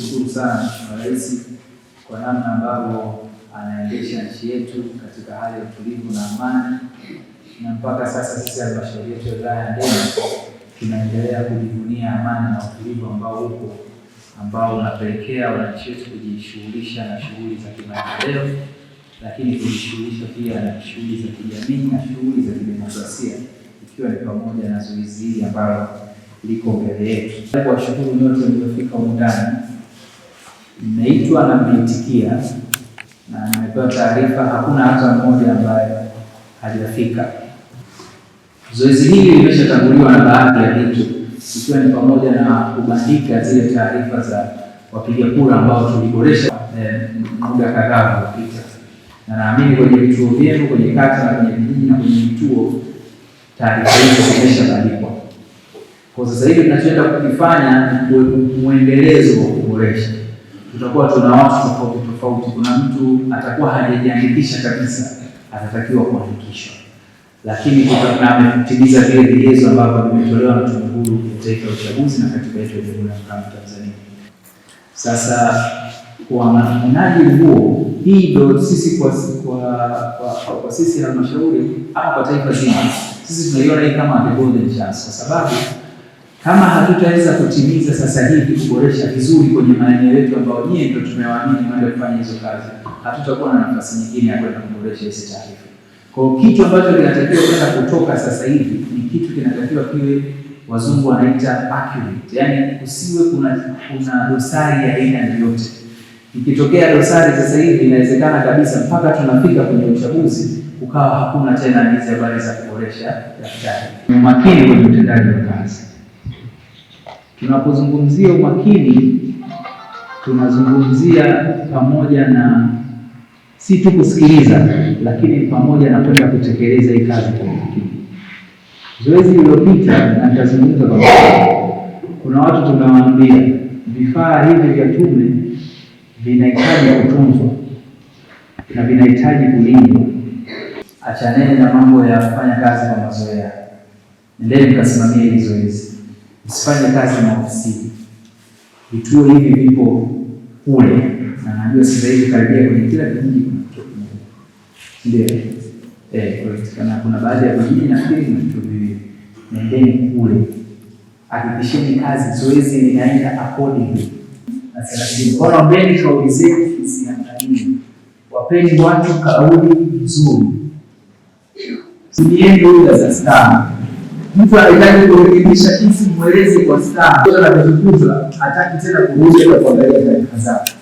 nimshukuru sana Rais kwa namna ambavyo anaendesha nchi yetu katika hali ya utulivu na amani, na mpaka sasa sisi halmashauri yetu ya wilaya ya Ndema tunaendelea kujivunia amani na utulivu ambao huko ambao unapelekea wananchi wetu kujishughulisha na shughuli za kimaendeleo, lakini kujishughulisha pia na shughuli za kijamii na shughuli za kidemokrasia, ikiwa ni pamoja na zoezi hili ambalo liko mbele yetu. Kuwashukuru nyote mliofika humu ndani Nimeitwa na nimeitikia na nimepewa taarifa, hakuna hata mmoja ambaye hajafika. Zoezi hili limeshatanguliwa na baadhi ya vitu, ikiwa ni pamoja na kubandika zile taarifa za wapiga kura ambao tuliboresha eh, muda kadhaa uliopita, na naamini kwenye vituo vyenu, kwenye kata na kwenye vijiji na kwenye vituo taarifa hizo zimeshabandikwa. Kwa sasa hivi tunachoenda kukifanya ni mwendelezo wa kuboresha tutakuwa tuna watu tofauti tofauti. Kuna mtu atakuwa hajajiandikisha kabisa, atatakiwa kuandikishwa, lakini ametimiza vile vigezo ambavyo vimetolewa na Tume Huru ya Taifa ya Uchaguzi na katiba yetu ya Jamhuri ya Muungano wa Tanzania. Sasa kwa mnaji huo, hii ndio sisi kwa, kwa, kwa, kwa, kwa sisi halmashauri ama kwa taifa zima, sisi tunaiona hii kama the golden chance kwa sababu kama hatutaweza kutimiza sasa hivi kuboresha vizuri kwenye maeneo yetu ambayo nyie ndio tumewaamini mada kufanya hizo kazi, hatutakuwa na nafasi nyingine ya kwenda kuboresha hizo taarifa. Kwa hiyo kitu ambacho kinatakiwa kwenda kutoka sasa hivi ni kitu kinatakiwa kiwe, wazungu wanaita accurate, yani usiwe kuna kuna dosari ya aina yoyote. Ikitokea dosari sasa hivi, inawezekana kabisa mpaka tunafika kwenye uchaguzi ukawa hakuna tena hizi habari za kuboresha daftari. Makini kwenye utendaji wa kazi. Tunapozungumzia umakini, tunazungumzia pamoja na si tu kusikiliza, lakini pamoja na kwenda kutekeleza hii kazi kwa umakini. Zoezi lililopita na nitazungumza kwa kuna watu tunawaambia vifaa hivi vya tume vinahitaji kutunzwa na vinahitaji kulindwa. Achaneni na mambo ya kufanya kazi kwa mazoea, endeni mkasimamia hili zoezi usifanye kazi maofisini. Vituo hivi vipo kule, na najua sasa hivi karibia kwenye kila kijiji kuna kituo kimoja. ndio Eh, kuna kuna baadhi ya vijiji na nafikiri na vituo viwili. Nendeni kule, hakikisheni kazi zoezi linaenda accordingly na thelathini. Kwa mbele kwa kauli zenu zisiangalie, wapeni watu kauli nzuri, tumieni lugha za staa mtu anahitaji kurekebisha kitu, mweleze kwa staha. Anazungumza hataki tena kurudi kuangalia taarifa zake.